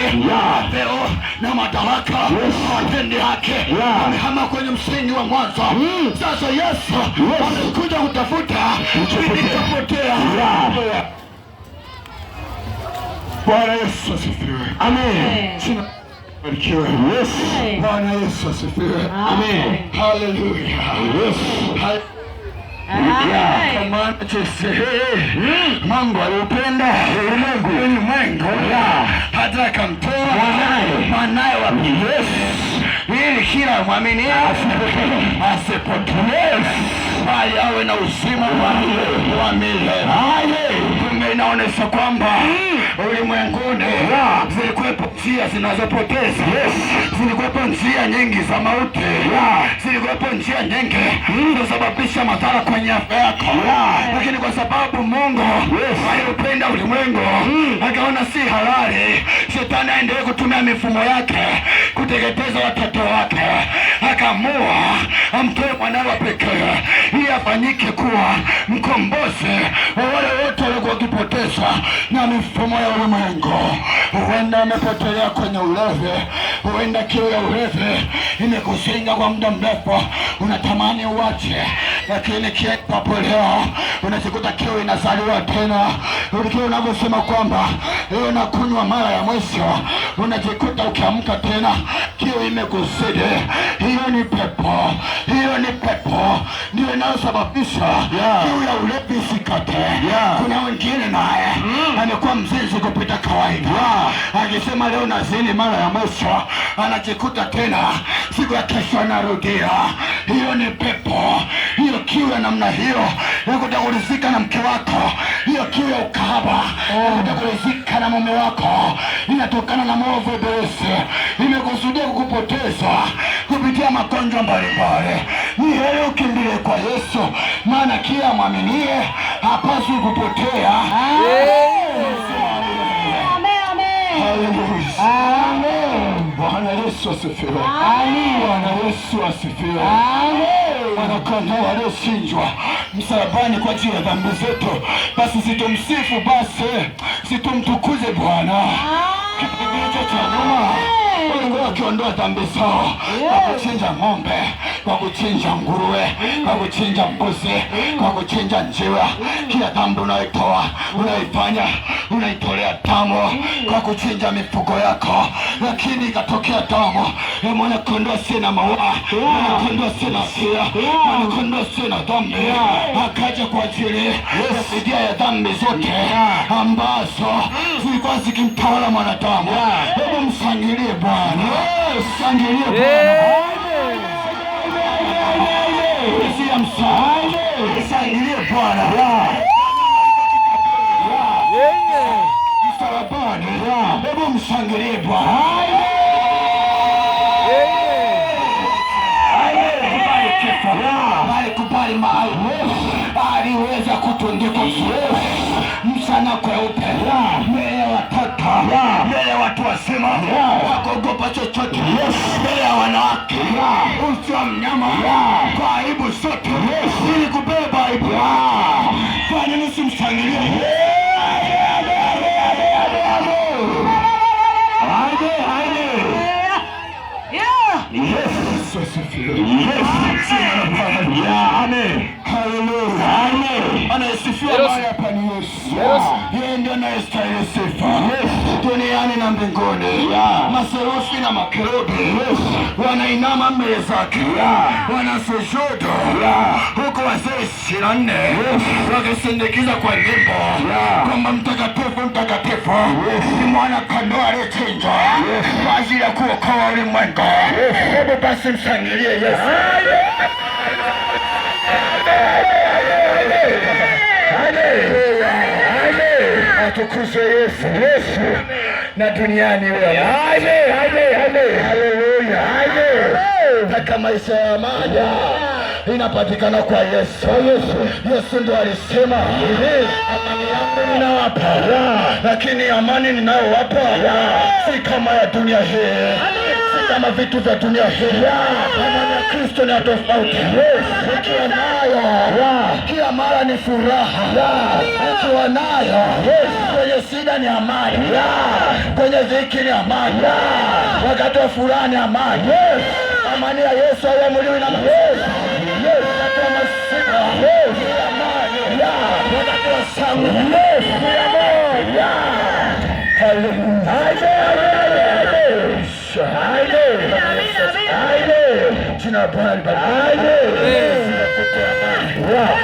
yeah. Vyeo na madaraka hawatendi yes. haki yeah. Wamehama kwenye msingi wa mwanzo mm. Sasa Yesu yes. Wamekuja kutafuta itapotea yeah. Bwana Yesu asifiwe. Amen. Amen. Barikiwe. Yes. Bwana Yesu asifiwe. Amen. Hallelujah. Yes. Hallelujah kwa Mungu aliupenda ulimwengu hata akamtoa mwanaye wa pekee ili kila mwamini asipotee bali awe na uzima wa milele inaonesha kwamba hmm. ulimwenguni zilikuwepo njia zinazopoteza, zilikuwepo njia nyingi za mauti, zilikuwepo njia nyingi hmm. zinazosababisha madhara kwenye afya yako, lakini kwa sababu Mungu aliupenda ulimwengu hmm. akaona si halali shetani aendelee kutumia mifumo yake kuteketeza watoto wake ameamua amtoe mwanawe pekee ili afanyike kuwa mkombozi wa wale wote waliokuwa wakipoteza na mifumo ya ulimwengu. Huenda amepotelea kwenye ulevi, huenda kiu ya ulevi imekusinga kwa muda mrefu, unatamani uwache lakini kiapo leo unajikuta kiu inazaliwa tena. Ulikiwa unavyosema kwamba leo nakunywa mara ya mwisho, unajikuta ukiamka tena kiu imekuzidi. Hiyo ni pepo, hiyo ni inayosababisha juu ya ulevi isikate. Kuna wengine naye mm. amekuwa mzinzi kupita kawaida, akisema leo nazini mara ya mwisho, anajikuta tena siku ya kesho anarudia. Hiyo ni pepo, hiyo kiu ya namna hiyo ya kutakulizika na mke wako, hiyo kiu ya ukahaba oh. kutakulizika na mume wako inatokana na maovu Ibilisi imekusudia kukupoteza kupitia magonjwa mbalimbali. Ni heri ukimbilie kwa Yesu, maana kila mwaminie hapaswi kupotea. Bwana Yesu asifiwe! Bwana Yesu asifiwe! Mwanakondoo aliyechinjwa msalabani kwa ajili ya dhambi zetu, basi situmsifu, basi situmtukuze Bwana kipindi hicho cha nyuma Mungu akiondoa dhambi zao atachinja ng'ombe kwa kuchinja nguruwe, kwa kuchinja mbuzi, kwa kuchinja njiwa. Kila dhambi unaitoa unaifanya unaitolea damu kwa kuchinja mifugo yako, lakini ikatokea damu ya mwana kondoo asiye na maua, mwana kondoo asiye na sia, mwana kondoo asiye na dhambi, akaja kwa ajili ya fidia ya dhambi zote ambazo zilikuwa zikimtawala mwanadamu. Hebu msangilie Bwana, msangilie Bwana. Shangilie Bwana msalabani, hebu mshangilie Bwana. aliweza kutundika msalaba, msana kweupe mbele ya watoto, mbele ya watu wazima, wakogopa chochote mbele ya wanawake, uso wa mnyama kwa aibu zote, ili kubeba aibu. Yes. Yes. Yes. Yes. Yes. ambaye hapa ni Yesu. Yeye ndiye anayestahili sifa duniani na mbinguni. Maserufi na makerubi wanainama mbele zake, wanasujudu huko, wazee ishirini na nne wakisindikiza kwa nyimbo kwamba mtakatifu, mtakatifu ni mwana kondoo aliyechinjwa kwa ajili ya kuokoa ulimwengu. Hebu basi mshangilie Yesu. atukuzwe Yesu, Yesu na duniani taka maisha ya maja inapatikana kwa Yesu. Yesu ndo alisema amani yangu ninawapa, lakini amani ninayowapa si kama ya dunia hii kama vitu vya dunia hii. Kristo ni tofauti. Ukiwa nayo kila mara ni furaha, ukiwa nayo kwenye shida ni amani, kwenye dhiki ni amani, wakati wa furaha ni amani. Amani ya Yesu aiamuliwi na wakati wa shangwe Jina la Bwana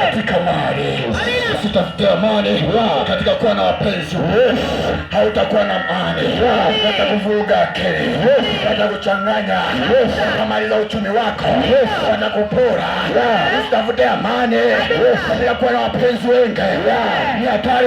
Katika mali usitafute amani, katika kuwa na wapenzi hautakuwa na amani, watakuvuruga akili, watakuchanganya, watamaliza uchumi wako, watakupora. Usitafute amani katika kuwa na wapenzi wengi, ni hatari.